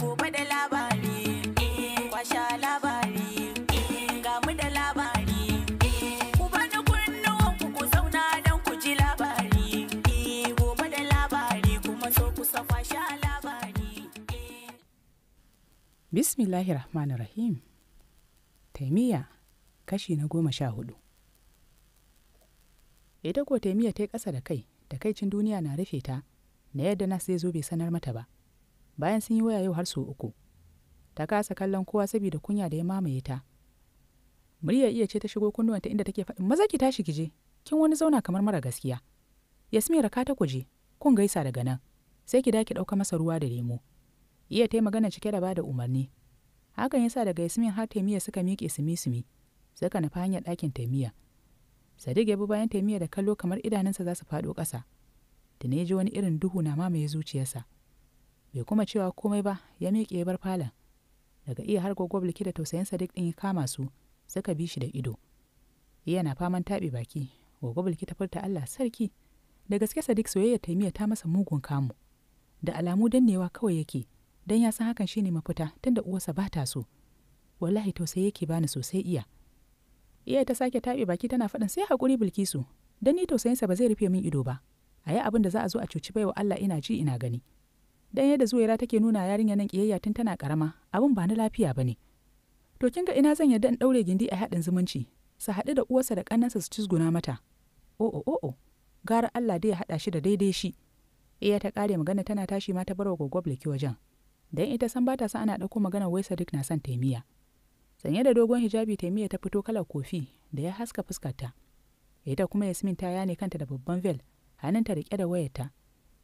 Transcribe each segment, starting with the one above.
gobe da labari eh, kwasha labari eh, ga mu da labari eh, ku bani kunnuwan ku ku zauna don ku ji labari gobe da labari kuma so ku sa kwasha labari bismillahir rahmanir rahim taimiyya kashi na goma sha hudu ita ko taimiyya ta yi ƙasa da kai takaicin duniya na rufe ta na yadda na sai zo bai sanar mata ba bayan sun yi waya yau har sau uku ta kasa kallon kowa saboda kunya da ya mamaye ta murya iya ce ta shigo kunnuwanta inda take faɗin maza ki tashi ki je kin wani zauna kamar mara gaskiya yasmira ka ta kuje kun gaisa daga nan sai ki daki ɗauka masa ruwa da lemo iya ta magana cike da bada umarni hakan yasa daga yasmin har taimiya suka miƙe sumi sumi suka nufa hanyar ɗakin taimiya sadiq ya bi bayan taimiya da kallo kamar idanunsa za su faɗo ƙasa da ya ji wani irin duhu na mamaye zuciyarsa bai kuma cewa komai ba ya miƙe ya bar falon daga iya har gwagwab da tausayin sadiq ɗin ya kama su suka bi shi da ido iya na faman taɓe baki gwagwab ta furta allah sarki da gaske sadiq soyayya miya ta masa mugun kamu da alamu dannewa kawai yake dan ya san hakan shine mafita tunda uwarsa ba ta so wallahi tausayi yake bani sosai iya iya ta sake taɓe baki tana faɗin sai haƙuri bilkisu Don ni tausayinsa ba zai rufe min ido ba a yi abin da za a zo a cuci baiwa allah ina ji ina gani dan yadda zuwaira take nuna yarinya nan kiyayya tun tana karama abun ba na lafiya bane to kin ga ina zan yarda in daure gindi a haɗin zumunci su haɗu da uwarsa da kannansa su cizguna mata o o o gara Allah dai ya haɗa shi da daidai shi iya ta kare magana tana tashi ma ta barwa gogob laki wajen dan ita san bata sa san ana dauko magana wai Sadiq na son taimiya sanye da dogon hijabi taimiya ta fito kalar kofi da ya haska fuskarta ita kuma Yasmin ta yane kanta da babban vel hannunta rike da wayarta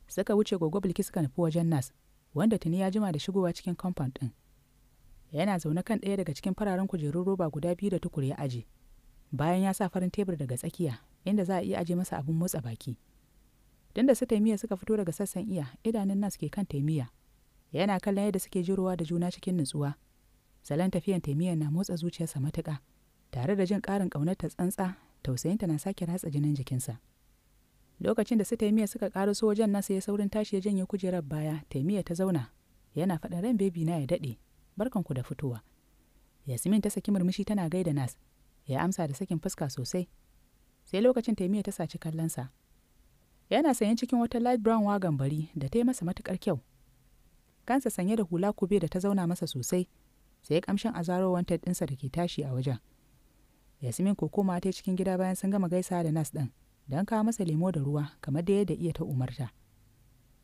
suka wuce gogo bilki suka nufi wajen nas wanda tuni ya jima da shigowa cikin compound ɗin yana zaune kan ɗaya daga cikin fararen kujerun roba guda biyu da tukur ya aje bayan ya sa farin tebur daga tsakiya inda za a iya aje masa abin motsa baki tunda su taimiya suka fito daga sassan iya idanun nas ke kan taimiya yana kallon yadda suke jirowa da juna cikin nutsuwa salon tafiyan taimiya na motsa zuciyarsa matuka. tare da jin ƙarin ta tsantsa tausayinta na sake ratsa jinin jikinsa. lokacin da su taimiya suka karaso wajen nasa ya saurin tashi ya janye kujerar baya taimiya ta zauna yana faɗin ran bebi na ya daɗe barkan ku da fitowa yasmin ta saki murmushi tana gaida nas ya amsa da sakin fuska sosai sai lokacin taimiya ta saci kallon sa. yana sanye cikin wata light brown wagon bari da ta yi masa matukar kyau kansa sanye da hula kube da ta zauna masa sosai sai kamshin azaro wanted ɗinsa da ke tashi a wajen yasmin ko koma ta cikin gida bayan sun gama gaisa da nas ɗin don kawo masa lemo da ruwa kamar da yadda iya ta umarta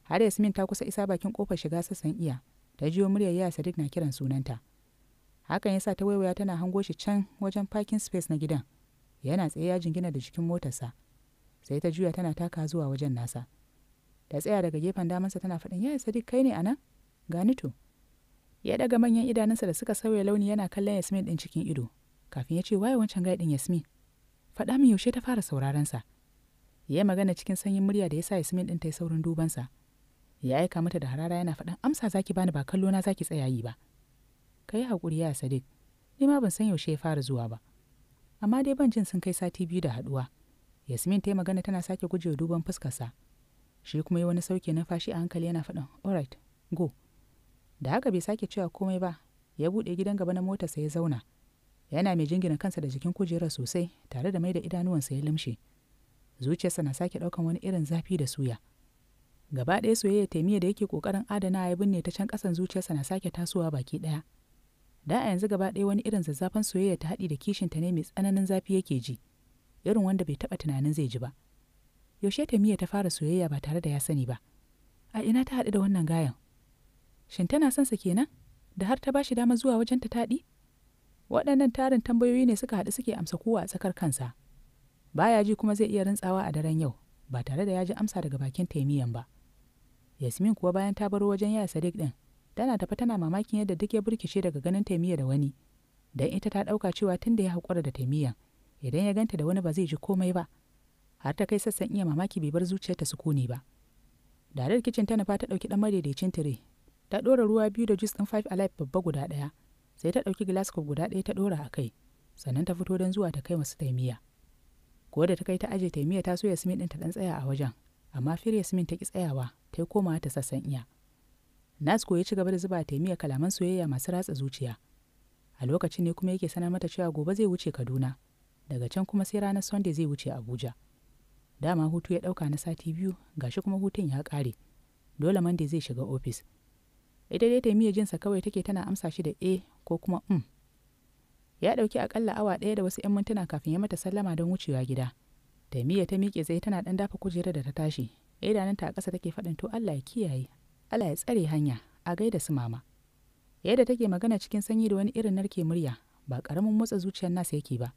har yasmin ta kusa isa bakin kofar shiga sassan iya ta jiyo muryar yaya sadiq na kiran sunanta hakan yasa ta waiwaya tana hango shi can wajen parking space na gidan yana tsaye ya jingina da jikin motarsa sai ta juya tana taka zuwa wajen nasa ta tsaya daga gefen damansa tana faɗin yaya sadiq kai ne anan gani to ya daga manyan idanunsa da suka sauya launi yana kallon yasmin din cikin ido kafin ya ce waye wancan gaiɗin yasmin faɗa min yaushe ta fara sauraron sa ya yi magana cikin sanyin murya da ya sa yasmin ɗin ta yi saurin dubansa ya aika mata da harara yana faɗan amsa zaki bani ba kallo na zaki tsaya yi ba ka yi haƙuri ya sadiq ni ma ban san yaushe ya fara zuwa ba amma dai ban jin sun kai sati biyu da haɗuwa yasmin ta yi magana tana sake gujewa duban fuskarsa shi kuma yi wani sauke numfashi a hankali yana faɗan, alright go da haka bai sake cewa komai ba ya buɗe gidan gaba na motarsa ya zauna yana mai jingina kansa da jikin kujerar sosai tare da mai da idanuwansa ya limshe. zuciyarsa na sake ɗaukan wani irin zafi da suya gaba ɗaya soyayya taimiyya da yake ƙoƙarin adana ya binne ta can ƙasan zuciyarsa na sake tasowa baki ɗaya da a yanzu gaba ɗaya wani irin zazzafan soyayya ta haɗi da kishin ta ne mai tsananin zafi yake ji irin wanda bai taɓa tunanin zai ji ba yaushe taimiyya ta fara soyayya ba tare da ya sani ba a ina ta haɗu da wannan gayan shin tana son sa kenan da har ta ba shi dama zuwa wajen ta taɗi waɗannan tarin tambayoyi ne suka haɗu suke amsa kowa a tsakar kansa baya ji kuma zai iya rintsawa a daren yau ba tare da ya ji amsa daga bakin taimiyan ba yasmin kuwa bayan ta baro wajen yaya sadiq din tana tafi tana mamakin yadda duk ya burkishe daga ganin taimiya da wani dan ita ta ɗauka cewa tun da ya haƙura da taimiyan idan ya ganta da wani ba zai ji komai ba har ta kai sassan iya mamaki bai bar zuciyarta sukuni ba dalar kicin ta nufa ta ɗauki ɗan madaidaicin tire ta ɗora ruwa biyu da juice ɗin five alive babba guda ɗaya sai ta ɗauki glass guda ɗaya ta ɗora a kai sannan ta fito don zuwa ta kai masu taimiya ko da ta kai ta aje taimiya ta so yasmin ɗin ta ɗan tsaya a wajen amma fir yasmin ta ki tsayawa ta yi komawa ta sassan iya nas ya ci gaba da zuba taimiya kalaman soyayya masu ratsa zuciya a lokacin ne kuma yake sanar mata cewa gobe zai wuce kaduna daga can kuma sai ranar sunday zai wuce abuja dama hutu ya ɗauka na sati biyu ga shi kuma hutun ya kare. dole monday zai shiga ofis ita dai taimiya jinsa kawai take tana amsa shi da A eh ko kuma um ya ɗauki akalla awa ɗaya da wasu 'yan mintuna kafin ya mata sallama don wucewa gida taimiyya ta miƙe zai tana ɗan dafa kujerar da ta tashi ta a ƙasa take faɗin to allah ya kiyaye allah ya tsare hanya a gaida su mama yadda take magana cikin sanyi da wani irin narke murya ba ƙaramin motsa zuciyar nasa yake ba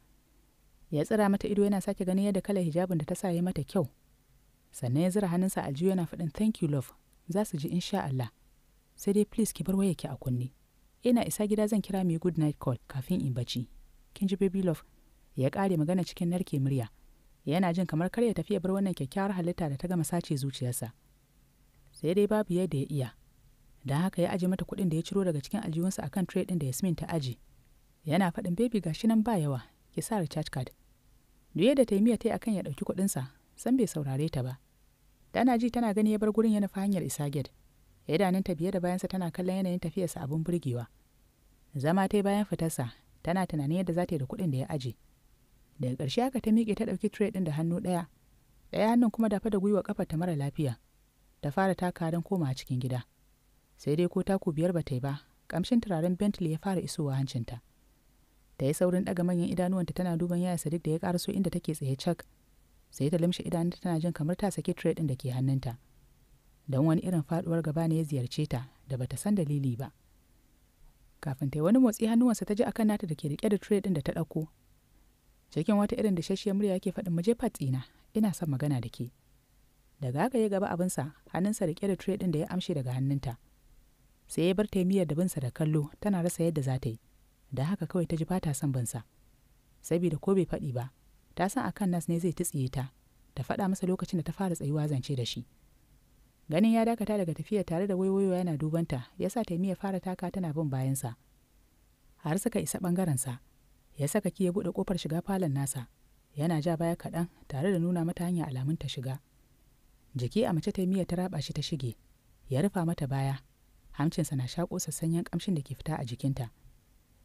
ya tsira mata ido yana sake ganin yadda kalar hijabin da ta sa ya mata kyau sannan ya zira hannunsa aljihu yana faɗin thank you love za su ji insha allah sai dai please ki bar wayarki a kunne ina isa gida zan kira mai good night call kafin in bacci kin ji baby love ya kare magana cikin narke murya yana jin kamar kar ya tafi bar wannan kyakkyawar halitta da ta gama sace zuciyarsa sai dai babu yadda ya iya don haka ya aje mata kuɗin da ya ciro daga cikin aljihunsa akan tire ɗin da Yasmin ta aje yana faɗin baby gashi nan ba yawa ki sa recharge card duk yadda taimiya ta yi akan ya ɗauki kuɗinsa san bai saurare ta ba dana ji tana gani ya bar gurin ya fa hanyar isa gate idanunta biye da bayansa tana kallon yanayin tafiyarsa abin burgewa zama ta bayan fitarsa tana tunanin yadda za ta yi da kuɗin da ya aje daga ƙarshe haka ta miƙe ta ɗauki tire ɗin da hannu ɗaya ɗaya hannun kuma dafa da gwiwa ƙafar ta mara lafiya ta fara taka don koma cikin gida sai dai ko taku biyar ba ta yi ba ƙamshin turaren bentley ya fara isowa hancinta ta yi saurin ɗaga manyan idanuwanta tana duban yaya sadiq da ya ƙaraso inda take tsaye cak sai ta lamshe idanunta tana jin kamar ta saki tire ɗin da ke hannunta. don wani irin faɗuwar gaba ne ya ziyarce ta da bata san dalili ba kafin ta yi wani motsi hannuwansa ta ji a kan nata da ke rike da tire ɗin da ta ɗauko cikin wata irin da shashiya murya yake faɗin muje fatsina ina son magana da ke daga haka ya gaba abinsa hannunsa rike da tire ɗin da ya amshe daga hannunta sai ya bar ta yi miyar da binsa da kallo tana rasa yadda za ta yi da haka kawai ta ji ba ta son binsa saboda ko bai faɗi ba ta san a kan nas ne zai tsiye ta ta faɗa masa lokacin da ta fara tsayuwa zance da shi ganin ya dakata daga tafiya tare da waiwayo yana dubanta ya sa taimi ya fara taka tana bin bayansa har suka isa ɓangarensa ya saka ki ya buɗe ƙofar shiga falon nasa yana ja baya kaɗan tare da nuna mata hanya alamun ta shiga jiki a mace taimiya ta raba shi ta shige ya rufa mata baya hamcinsa na shaƙo sassanyen ƙamshin da ke fita a jikinta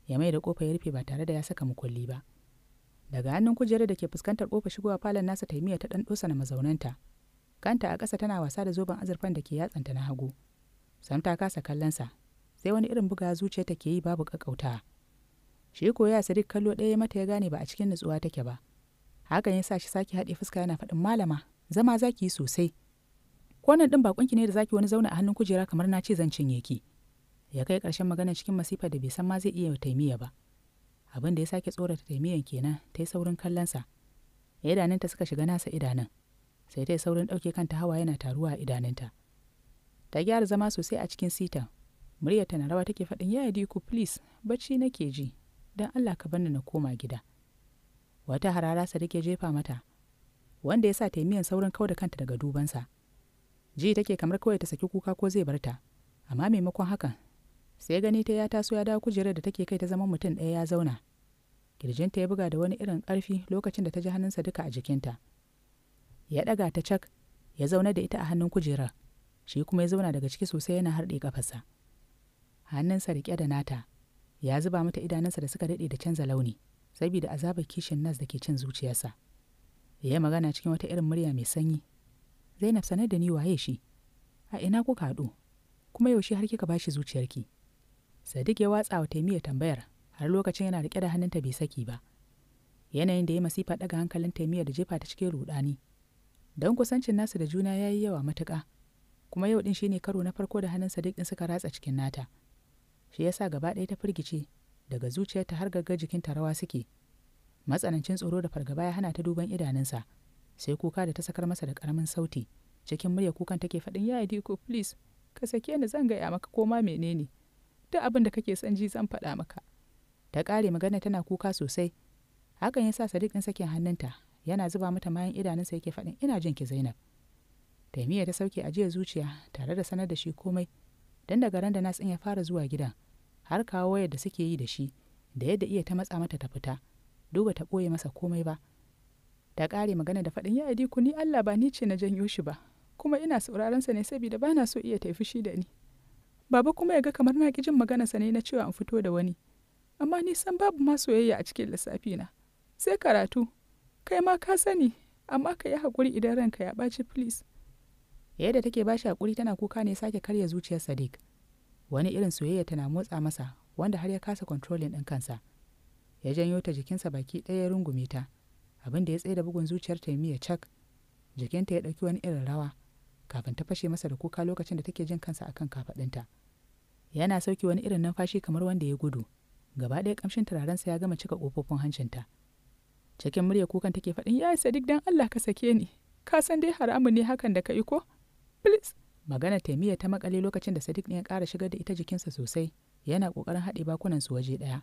ya mai da ƙofa ya rufe ba tare da ya saka mukulli ba daga hannun kujerar da ke fuskantar ƙofa shigowa falon nasa taimiya ta ɗan ɗosa na mazaunanta kanta a ƙasa tana wasa da zoben azurfan da ke yatsanta na hagu sam ta kasa kallonsa sai wani irin buga zuciya ke yi babu ƙaƙauta. shi ko ya sadiq kallo ɗaya mata ya gane ba a cikin nutsuwa take ba hakan ya sa shi sake haɗe fuska yana faɗin malama zama zaki yi sosai kwanan ɗin baƙonki ne da zaki wani zauna a hannun kujera kamar na ce zan cinye ki ya kai ƙarshen magana cikin masifa da bai san ma zai iya taimiya ba abin da ya sake tsorata taimiyan kenan ta yi saurin kallonsa idanunta suka shiga nasa idanun sai ta saurin ɗauke kanta hawa yana taruwa a idanunta ta gyara zama sosai a cikin sitan muryar ta na rawa take faɗin yi diku please bacci nake ji don allah ka bani na koma gida wata harara sa take jefa mata wanda ya sa ta miyan saurin kau da kanta daga dubansa ji take kamar kawai ta saki kuka ko zai bar ta amma maimakon hakan sai gani ta ya taso ya dawo kujerar da take kai ta zama mutum ɗaya ya zauna kirjinta ya buga da wani irin ƙarfi lokacin da ta ji hannunsa duka a jikinta ya ɗaga ta cak ya zauna da ita a hannun kujerar shi kuma ya zauna daga ciki sosai yana harɗe kafarsa hannunsa riƙe da nata ya zuba mata idanunsa da suka daɗe da canza launi saboda azabar kishin nas da ke cin zuciyarsa ya yi magana cikin wata irin murya mai sanyi zainab sanar da ni waye shi a ina kuka haɗu kuma yaushe har kika bashi zuciyarki sadiq ya watsa wa taimiyya tambayar har lokacin yana riƙe da hannunta bai saki ba yanayin da ya masifa ɗaga hankalin taimiyya da jefa ta cikin ruɗani don kusancin nasu da juna ya yi yawa matuƙa kuma yau ɗin shine karo na farko da hannun sadiq ɗin suka ratsa cikin nata shi yasa gaba ɗaya ta firgice daga zuciyarta har gaggar jikinta rawa suke matsanancin tsoro da fargaba ya hana ta duban idanunsa sai kuka da ta sakar masa da ƙaramin sauti cikin murya kukan take faɗin ya ko please ka sake ni zan gaya maka koma menene duk abin da kake son ji zan faɗa maka ta ƙare magana tana kuka sosai hakan ya sa sadiq ɗin sakin hannunta yana zuba mata mayan idanunsa yake faɗin ina jin ki zainab taimiyya ta sauke ajiya zuciya tare da sanar da shi komai don daga ran da nasin ya fara zuwa gidan har kawo wayar da suke yi da shi da yadda iya ta matsa mata ta fita duba ta ɓoye masa komai ba ta ƙare magana da faɗin ya ku ni allah ba ni ce na janyo shi ba kuma ina sauraron sa ne saboda ba na so iya ta fushi da ni baba kuma ya ga kamar na ki jin maganarsa ne na cewa in fito da wani amma ni san babu ma soyayya a cikin lissafi na sai karatu kai ma ka sani amma ka yi haƙuri idan ranka ya ɓaci filis. yadda take bashi haƙuri tana kuka ne sake karya zuciyar sadiq wani irin soyayya tana motsa masa wanda har ya kasa controlling ɗin kansa ya janyo ta jikinsa baki ɗaya ya rungume ta abin da ya tsaye da bugun zuciyar ta miya cak jikinta ya ɗauki wani irin rawa kafin ta fashe masa da kuka lokacin da take jin kansa akan kafaɗinta yana sauki wani irin numfashi kamar wanda ya gudu gaba ɗaya ƙamshin turarensa ya gama cika ƙofofin hancinta cikin murya kukan take faɗin ya duk dan allah ka sake ni ka san dai haramu ne hakan da ka yi ko please magana taimiyya ta makale lokacin da sadiq ne ya ƙara shigar da ita jikinsa sosai yana ƙoƙarin haɗe bakunan su waje ɗaya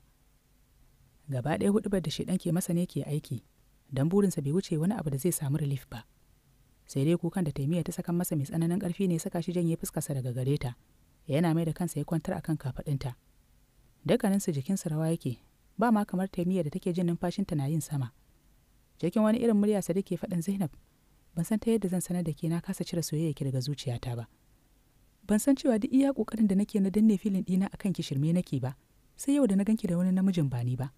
gaba ɗaya huɗubar da shaidan ke masa ne ke aiki don burinsa bai wuce wani abu da zai samu relief ba sai dai kukan da taimiyya ta saka masa mai tsananin ƙarfi ne saka shi janye fuskarsa daga gare ta yana mai da kansa ya kwantar akan kafaɗinta dukkaninsu jikinsa rawa yake ba ma kamar taimiyya da take jin numfashinta na yin sama cikin wani irin murya sa ke faɗin zainab ban san ta yadda zan sanar da ke na kasa cire soyayya ki daga zuciyata ba ban san cewa duk iya kokarin da nake na danne filin ɗina akan ki shirme nake ba sai yau da na ganki da wani namijin ba ni ba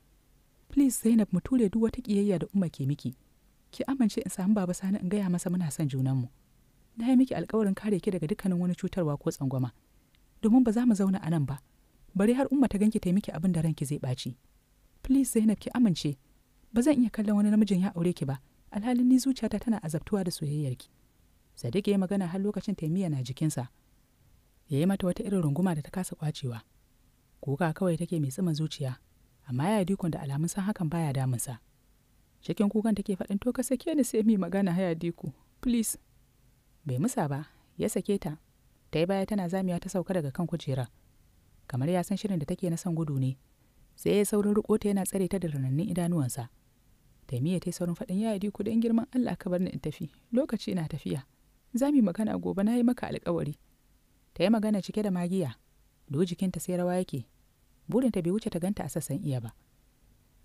please zainab mu ture duk wata kiyayya da umma ke miki ki amince in samu baba sani in gaya masa muna son junanmu na yi miki alkawarin kare ki daga dukkanin wani cutarwa ko tsangwama domin ba za mu zauna a nan ba bari har umma ta ganki ta miki abin da ranki zai ɓaci please zainab ki amince ba zan iya kallon wani namijin ya aure ki ba alhalin ni zuciyata tana azabtuwa da soyayyar ki sadiq ya magana har lokacin taimiya na jikinsa ya yi mata wata irin runguma da ta kasa kwacewa kuka kawai take mai tsima zuciya amma ya dikon da alamun san hakan baya damunsa cikin kukan take faɗin to ka sake ni sai mi magana haya diku please bai musa ba ya sake ta ta yi baya tana zamiya ta sauka daga kan kujera kamar ya san shirin da take na son gudu ne sai ya saurin riko yana tsare ta da ranannin idanuwansa taimiyya ta yi saurin faɗin ya yi kuɗin girman allah ka bar ni in tafi lokaci na tafiya za mu magana gobe na yi maka alkawari ta yi magana cike da magiya do jikinta sai rawa yake burinta bai wuce ta ganta a sassan iya ba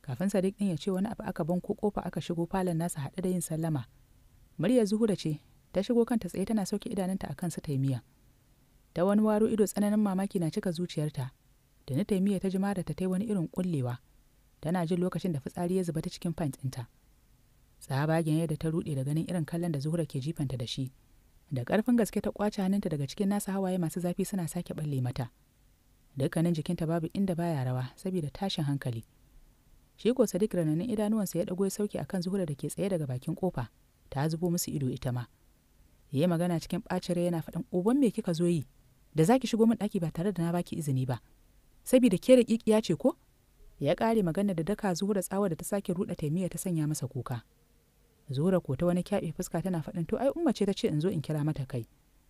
kafin sadiq ɗin ya ce wani abu aka banko kofa aka shigo falon nasa haɗe da yin sallama murya zuhura ce ta shigo kanta tsaye tana sauke idanunta a su taimiya ta wani waro ido tsananin mamaki na cika zuciyarta da na taimiya ta jima da ta tai wani irin kullewa tana jin lokacin da fitsari ya zuba ta cikin pint ɗinta tsabagen yadda ta ruɗe da ganin irin kallon da zuhura ke jifanta da shi da ƙarfin gaske ta kwace hannunta daga cikin nasa hawaye masu zafi suna sake balle mata dukkanin jikinta babu inda baya rawa saboda tashin hankali shi ko sadiq rananin idanuwansa ya ɗago ya sauke akan zuhura da ke tsaye daga bakin kofa ta zubo musu ido ita ma ya magana cikin ɓacin rai yana faɗin uban me kika zo yi da zaki shigo min ɗaki ba tare da na baki izini ba Sabida ke da ƙiƙiya ce ko ya ƙare magana da daka zuhura tsawa da ta sake ruɗa taimiya ta sanya masa kuka zuhura ko ta wani kyaɓe fuska tana faɗin to ai umma ce ta ce in zo in kira mata kai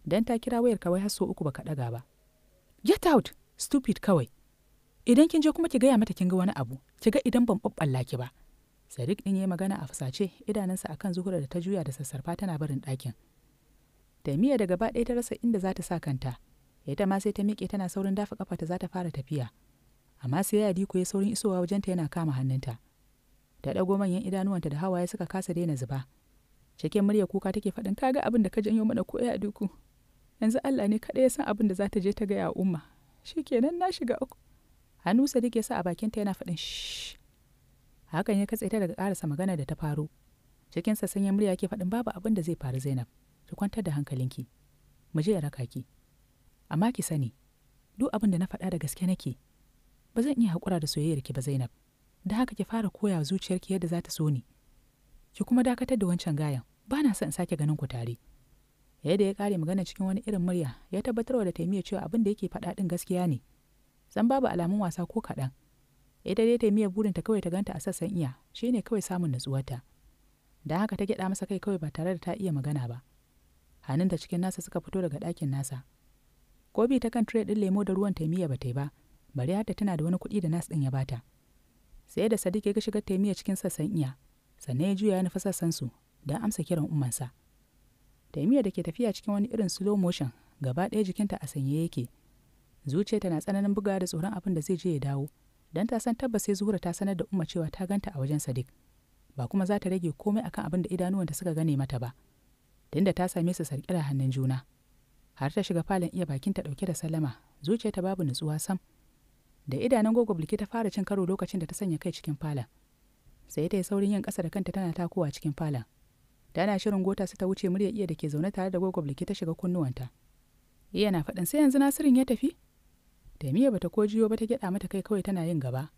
dan ta kira wayar kawai har so uku baka ɗaga ba get out stupid kawai idan kin je kuma ki gaya mata kin ga wani abu ki ga idan ban ɓaɓɓalla ki ba sadiq ɗin yayi magana a fusace idanunsa akan zuhura da ta juya da sassarfa tana barin ɗakin taimiyya da gaba ɗaya ta rasa inda za ta sa kanta ita ma sai ta miƙe tana saurin dafa kafa ta za ta fara tafiya amma sai ya diko ya saurin isowa wajenta yana kama hannunta da ɗago manyan idanuwanta da hawaye suka kasa daina zuba cikin murya kuka take faɗin kaga abin da ka janyo mana koya a duku yanzu Allah ne kaɗai ya san abin da za ta je ta gaya umma shikenan na shiga uku hannu sadiq ya sa a bakinta yana faɗin hakan ya katse ta daga ƙarasa magana da ta faru cikin sanya murya yake faɗin babu abin da zai faru zainab ki kwantar da hankalinki mu je ya raka ki amma ki sani duk abin da na faɗa da gaske nake ba zan iya haƙura da soyayyar ki ba Zainab da haka ki fara koya wa zuciyarki yadda za ta so ni ki kuma dakatar da wancan gayan ba na son sake ganin ku tare yadda ya kare magana cikin wani irin murya ya tabbatar wa da taimiya cewa abin da yake faɗa ɗin gaskiya ne san babu alamun wasa ko kaɗan ita dai taimiya burinta kawai ta ganta a sassan iya shine kawai samun natsuwarta da haka ta gyaɗa masa kai kawai ba tare da ta iya magana ba Hannun hannunta cikin nasa suka fito daga ɗakin nasa Kobi bi ta kan tire ɗin lemo da ruwan taimiya ba ta yi ba bari har ta tana da wani kuɗi da nas ɗin ya bata sai da sadiq ya ga shigar taimiya cikin sassan iya sannan ya juya ya nufi sassan su don amsa kiran ummansa taimiya da ke tafiya cikin wani irin slow motion gaba ɗaya jikinta a sanye yake zuciya tana tsananin bugawa da tsoron abin da zai je ya dawo don ta san tabbas sai zuhura ta sanar da umma cewa ta ganta a wajen sadiq ba kuma za ta rage komai akan abin da idanuwanta suka gane mata ba tunda ta same su sarƙira hannun juna har ta shiga falon iya bakinta ɗauke da salama zuciyarta babu nutsuwa sam da idanun gogo bilki ta fara cin karo lokacin da ta sanya kai cikin falon sai ta yi saurin yin ƙasa da kanta tana takowa cikin falon tana shirin gota su ta wuce murya iya da ke zaune tare da gogo bilki ta shiga kunnuwanta iya na faɗin sai yanzu nasirin ya tafi da miya bata ko jiyo ba ta gyaɗa mata kai kawai tana yin gaba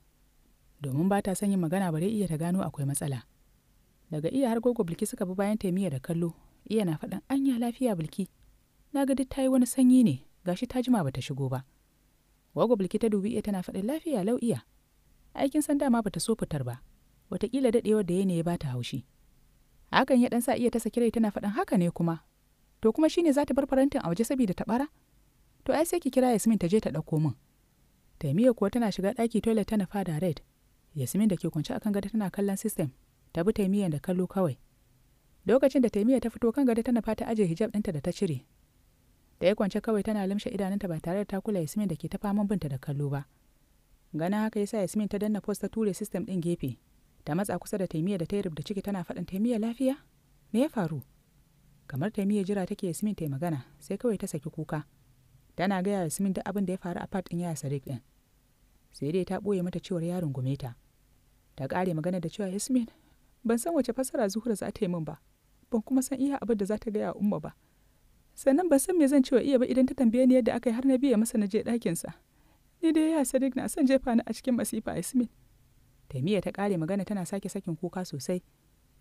domin ba ta son yin magana bare iya ta gano akwai matsala daga iya har gogo bilki suka bi bayan miya da kallo iya na faɗin anya lafiya bilki na ga duk ta yi wani sanyi ne gashi ta jima bata shigo ba Wago Bilki ta dubi iya tana faɗin lafiya lau iya. Aikin san dama bata so fitar ba. Wataƙila daɗewar da ya ne ya bata haushi. Hakan ya ɗan sa iya ta saki rai tana faɗin haka ne kuma. To kuma shine za ta bar farantin a waje saboda ta ɓara? To ai sai ki kira Yasmin ta je ta ɗauko min. Taimiyya kuwa tana shiga ɗaki toilet tana fada red. Yasmin da ke kwance akan gada tana kallon system. Ta bi Taimiyya da kallo kawai. Lokacin da Taimiyya ta fito kan gado tana fata aje hijab ɗinta da ta cire. da ya kwance kawai tana limshe idanunta ba tare da ta kula yasmin da ke ta faman binta da kallo ba Gana haka yasa yasmin ta danna post ta ture system din gefe ta matsa kusa da taimiyya da ta rubda ciki tana faɗin taimiyya lafiya me ya faru kamar taimiyya jira take yasmin ta magana sai kawai ta saki kuka tana gaya yasmin duk abin da ya faru a part din yaya sadiq din sai dai ta ɓoye mata cewar yaron gume ta ta ƙare magana da cewa yasmin ban san wace fassara zuhura za ta yi min ba ban kuma san iya abin da za ta gaya umma ba sannan ba san me zan cewa iya ba idan ta tambaye ni yadda aka yi har na biya masa na je ɗakinsa ni dai ya sadiq na son jefa ni a cikin masifa yasmin taimiyya ta kare magana tana sake sakin kuka sosai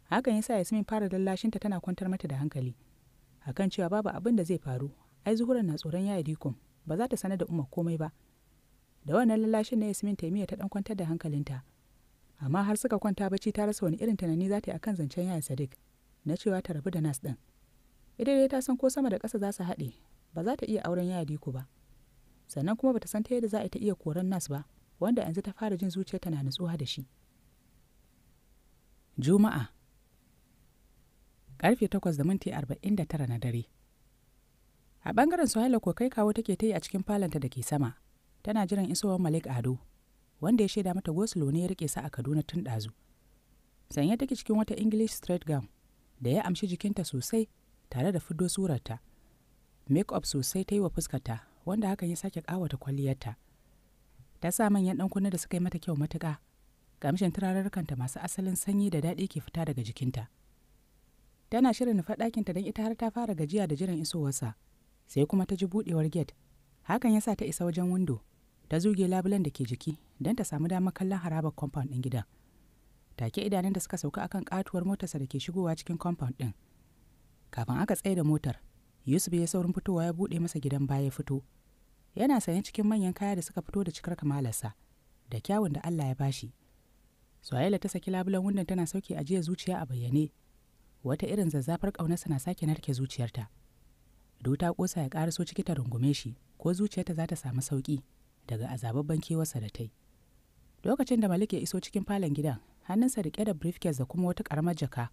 hakan yasa yasmin fara lallashinta tana kwantar mata da hankali akan cewa babu abin da zai faru ai zuhuran na tsoron yaya dikon ba za ta sanar da umar komai ba da wannan lallashin na yasmin taimiyya ta ɗan kwantar da hankalinta amma har suka kwanta bacci ta rasa wani irin tunani za ta yi akan zancen yaya sadiq na cewa ta rabu da nas ɗin idan dai ta san ko sama da ƙasa za su haɗe ba za ta iya auren yadi ku ba sannan kuma bata san ta yadda za a ta iya koran nas ba wanda yanzu ta fara jin zuciya tana nutsuwa da shi juma'a karfe takwas da minti arba'in da tara na dare a ɓangaren suhaila ko kai kawo take ta yi a cikin falanta da ke sama tana jiran isowar malik ado wanda ya shaida mata gosulo ne ya rike sa a kaduna tun ɗazu sanye take cikin wata english straight gown da ya amshi jikinta sosai tare da fiddo surarta make-up sosai ta yi wa fuskarta wanda hakan ya sake kawata kwalliyarta ta sa manyan kunne da suka yi mata kyau matuƙa gamshin turarurkanta masu asalin sanyi da daɗi ke fita daga jikinta tana shirin nufa ɗakinta don ita har ta fara gajiya da jiran isowarsa sai kuma ta ji buɗewar get. hakan ya sa ta isa wajen windo ta zuge labulen da ke jiki don ta samu damar kallon harabar compound ɗin gidan take idanun da suka sauka akan katuwar motarsa da ke shigowa cikin compound ɗin kafin aka tsaye da motar yusuf ya saurin fitowa ya buɗe masa gidan baya fito yana sanye cikin manyan kaya da suka fito da cikar kamalarsa da kyawun da allah ya bashi soyayya ta saki labulan wundan tana sauke ajiyar zuciya a bayyane wata irin zazzafar ƙaunarsa na sake narke zuciyarta do ta ƙosa ya ƙaraso ciki ta rungume shi ko zuciyarta za ta samu sauƙi daga azababban kewarsa da ta yi lokacin da malik ya iso cikin falon gidan hannunsa riƙe da briefcase da kuma wata ƙaramar jaka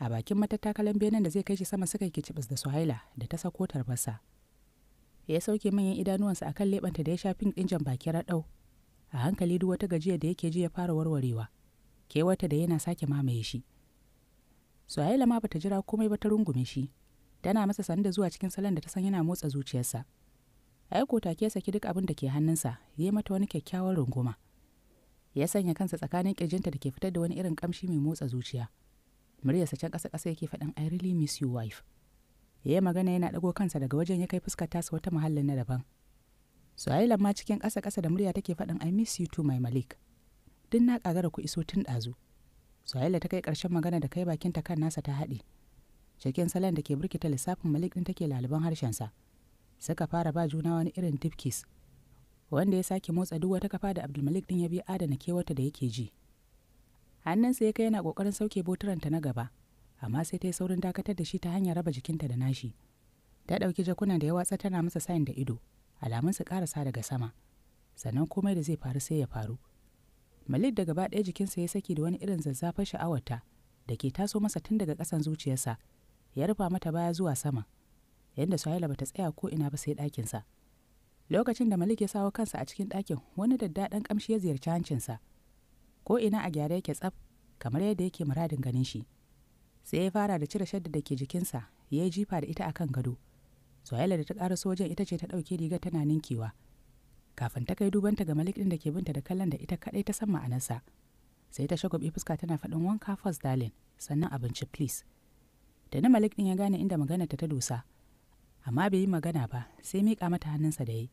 a bakin matattakalan benen da zai kai shi sama suka yi kicibis da suhaila da ta sako tarbasa ya sauke manyan idanuwansa akan lebanta da ya sha pink baki raɗau a hankali duk wata gajiya da yake ji ya fara warwarewa kewarta da yana sake mamaye shi suhaila ma bata jira komai ba ta rungume shi tana masa da zuwa cikin salon da ta san yana motsa zuciyarsa aiko take ya saki duk abin da ke hannunsa ya yi mata wani kyakkyawan runguma ya sanya kansa tsakanin kirjinta da ke fitar da wani irin kamshi mai motsa zuciya muryarsa can ƙasa ƙasa yake faɗin I really miss you wife. Ya yi magana yana ɗago kansa daga wajen ya kai fuskar tasa wata muhallin na daban. Suhaila ma cikin ƙasa ƙasa da murya take faɗin I miss you too my Malik. Duk na ƙagara ku iso tun ɗazu. Suhaila ta kai ƙarshen magana da kai bakinta kan nasa ta haɗe. Cikin salon da ke birkita lissafin Malik ɗin take laliban harshensa. Suka fara ba juna wani irin dipkis. Wanda ya sake motsa duk wata kafa da Abdulmalik ɗin ya bi adana kewata da yake ji. hannunsa ya kai yana ƙoƙarin sauke boturanta na gaba amma sai ta yi saurin dakatar da shi ta hanyar raba jikinta da nashi ta ɗauki jakunan da ya watsa tana masa sayin da ido alamun su ƙarasa daga sama sannan komai da zai faru sai ya faru malik da gaba ɗaya jikinsa ya saki da wani irin zazzafar sha'awarta da ke taso masa tun daga ƙasan zuciyarsa ya rufa mata baya zuwa sama yadda suhaila bata tsaya ko ina ba sai ɗakinsa lokacin da malik ya sawo kansa a cikin ɗakin wani daddaɗan ƙamshi ya ziyarci hancinsa ko ina a gyara yake tsaf kamar yadda yake muradin ganin shi sai ya fara da cire shadda da ke jikinsa ya yi jifa da ita akan gado soyayya da ta ƙara sojan ita ce ta ɗauke riga tana ninkewa kafin ta kai duban ta ga malik ɗin da ke binta da kallon da ita kaɗai ta san ma'anarsa sai ta shagwabi fuska tana faɗin wanka first darling sannan abinci please da ni malik ɗin ya gane inda maganarta ta dosa amma bai yi magana ba sai miƙa mata hannunsa da ya yi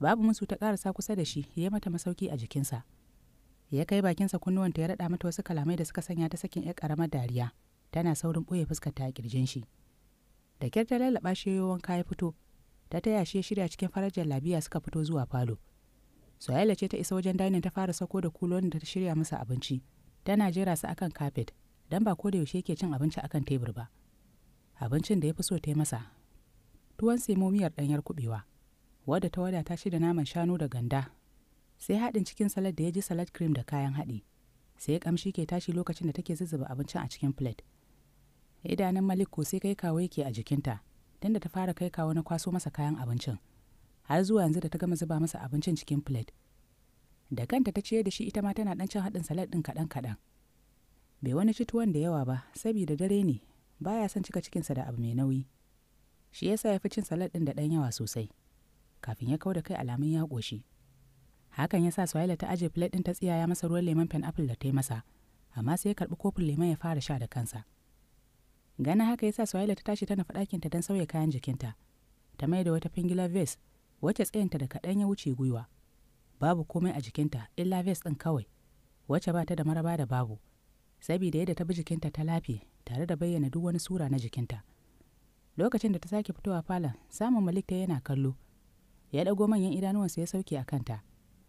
babu musu ta ƙarasa kusa da shi ya yi mata masauki a jikinsa ya kai bakinsa kunnuwanta ya raɗa mata wasu kalamai da suka sanya ta sakin 'yar ƙaramar dariya tana saurin ɓoye fuskar ta a shi da kyar ta lallaɓa shi wanka ya fito ta taya shi shirya cikin farajar labiya suka fito zuwa falo soyayya ce ta isa wajen dainin ta fara sako da kulon da ta shirya masa abinci tana jera su akan kafet dan ba ko da yaushe yake cin abinci akan tebur ba abincin da ya fi so ta yi masa tuwon semo ɗanyar kuɓewa wadda ta wadata shi da naman shanu da ganda sai haɗin cikin salad da ya ji salad cream da kayan haɗi sai kamshi ke tashi lokacin da take zuzzuba abincin a cikin plate idanun malik ko sai kai kawo yake a jikinta tunda ta fara kai kawo na kwaso masa kayan abincin har zuwa yanzu da ta gama zuba masa abincin cikin plate da kanta ta ciye da shi ita ma tana dan cin haɗin salad ɗin kaɗan-kaɗan bai wani ci da yawa ba saboda dare ne baya son cika cikinsa da abu mai nauyi shi yasa ya fi cin salad ɗin da ɗan yawa sosai kafin ya kau da kai alamun ya ƙoshi hakan ya sa swahila ta aje plate ɗin ta tsiyaya masa ruwan lemon apple da ta yi masa amma sai ya karɓi kofin lemon ya fara sha da kansa ganin haka ya sa swahila ta tashi tana faɗakinta don sauya kayan jikinta ta mai da wata pingila vest wacce tsayinta da kaɗan ya wuce gwiwa babu komai a jikinta illa vest ɗin kawai wacce ba ta da maraba da babu saboda yadda ta bi jikinta ta lafi tare da bayyana duk wani sura na jikinta lokacin da ta sake fitowa falon samun malik ta yana kallo ya ɗago manyan idanuwansa ya sauke a kanta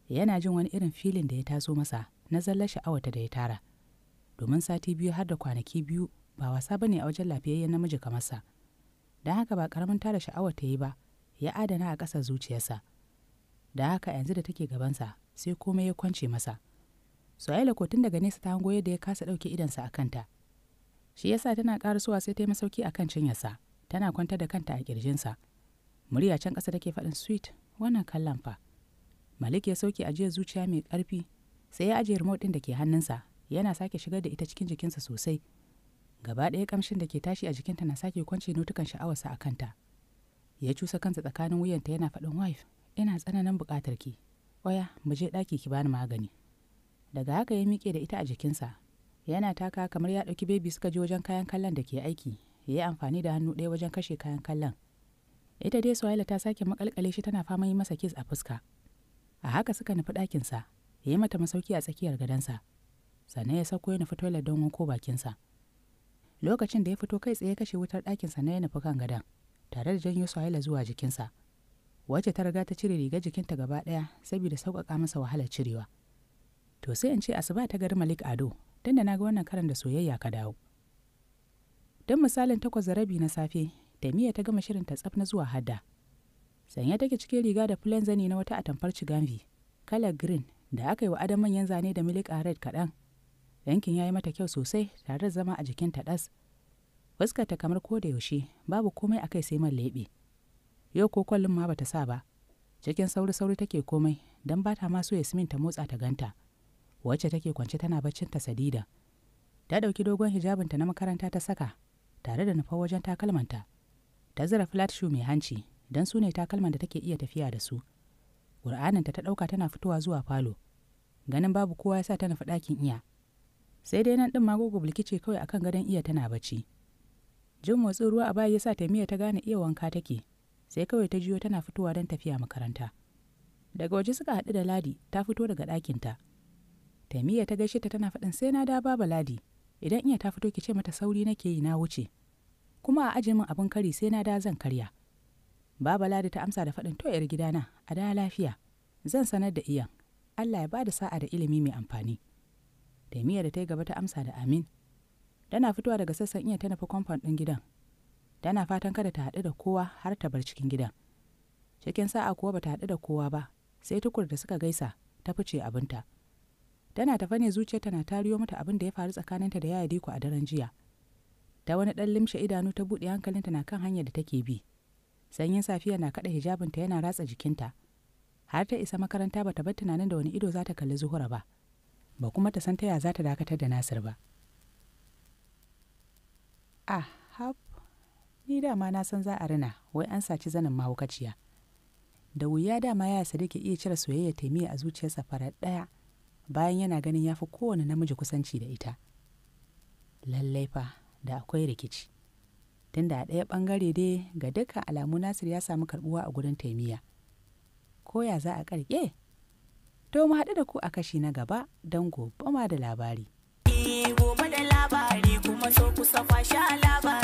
yana jin wani irin filin da ya taso masa na zallar sha'awata da ya tara domin sati biyu har da kwanaki biyu ba wasa bane a wajen lafiyayyen namiji kamar sa don haka ba karamin tara sha'awar ta yi ba ya adana a ƙasar zuciyarsa da haka yanzu da take gabansa sai komai ya kwance masa soyayya ko tun daga nesa ta hango yadda ya kasa ɗauke idansa a kanta shi yasa tana ƙarasuwa sai ta yi masauki a kan cinyarsa tana kwantar da kanta a ƙirjinsa murya can ƙasa take faɗin sweet wannan kallon fa malik ya sauke ajiyar zuciya mai ƙarfi sai ya ajiye remote ɗin da ke hannunsa yana sake shigar da ita cikin jikinsa sosai gaba ɗaya kamshin da ke tashi a jikinta na sake kwance notukan sha'awarsa a kanta ya cusa kansa tsakanin wuyanta yana faɗin wife ina tsananin buƙatar ki oya mu je ɗaki ki bani magani daga haka ya miƙe da ita a jikinsa yana taka kamar ya ɗauki bebi suka je wajen kayan kallon da ke aiki ya yi amfani da hannu ɗaya wajen kashe kayan kallon ita dai Suwaila ta sake makalkale shi tana fama yi masa kis a fuska a haka suka nufi ɗakinsa ya yi mata masauki a tsakiyar gadonsa sannan ya sauko ya nufi toilet don wanko bakinsa lokacin da ya fito kai tsaye kashe wutar ɗakinsa na ya nufi kan gadon tare da janyo suhaila zuwa jikinsa wacce ta riga ta cire riga jikinta gaba ɗaya saboda sauƙaƙa masa wahalar cirewa to sai in ce asuba ta gari malik ado da na ga wannan karan da soyayya ka dawo don misalin takwas da rabi na safe da ta gama shirin ta tsaf na zuwa hadda sanya take cikin riga da filan zani na wata atamfar ciganvi kalar green da aka yi wa adam manyan zane da milik a red kaɗan yankin ya yi mata kyau sosai tare da zama a jikin ɗas. fuskarta kamar ko da yaushe babu komai a kai sai man leɓe yau ko kwallon ma bata sa ba cikin sauri sauri take komai don ba ta ma so yasmin ta motsa ta ganta wacce take kwance tana baccin ta sadida ta ɗauki dogon hijabinta na makaranta ta saka tare da nufa wajen takalmanta ta zira flat shoe mai hanci don su ne takalman da take iya tafiya da su ƙur'aninta ta ɗauka tana fitowa zuwa falo ganin babu kowa ya sa ta nufi ɗakin iya sai dai nan ɗin magogo bulkice kawai akan gadon iya tana bacci jin motsin ruwa a baya ya sa miya ta gane iya wanka take sai kawai ta jiyo tana fitowa don tafiya makaranta daga waje suka haɗu da ladi ta fito daga ɗakinta tamiya ta gaishe ta tana faɗin sai na da baba ladi idan iya ta fito ki ce mata sauri nake yi na wuce kuma a ajiye min abin kari sai na da zan karya baba ladi ta amsa da faɗin to yar gidana a da lafiya zan sanar da iyan allah ya ba da sa'a da ilimi mai amfani taimiyya da ta yi gaba ta amsa da amin tana fitowa daga sassan iya ta nufi kwamfan ɗin gidan tana fatan kada ta haɗu da kowa har ta bar cikin gidan cikin sa'a kuwa bata haɗu da kowa ba sai tukur da suka gaisa ta fice abinta tana tafa ne zuciyarta na tariyo mata abin da ya faru tsakaninta da yaya diko a daren jiya ta wani ɗan limshe idanu ta buɗe hankalinta na kan hanyar da take bi sanyin safiya na kada hijabinta yana ratsa jikinta har ta isa makaranta ba ta bar tunanin da wani ido za ta kalli zuhura ba ba kuma ta san ta ya za ta dakatar da nasir ba a ah, hab ni dama na san za a rina wai an saci zanin mahaukaciya da wuya dama ya sadi ke iya cire soyayya taimiyya a zuciyarsa fara ɗaya bayan yana ganin ya fi kowane namiji kusanci da ita lallai fa da akwai rikici tunda a ɗaya ɓangare dai ga dukkan alamu nasir ya samu karɓuwa a gurin taimiya ko ya za a ƙarƙe to mu haɗu da ku a kashi na gaba don gobe da labari gobe da labari kuma so kusa labari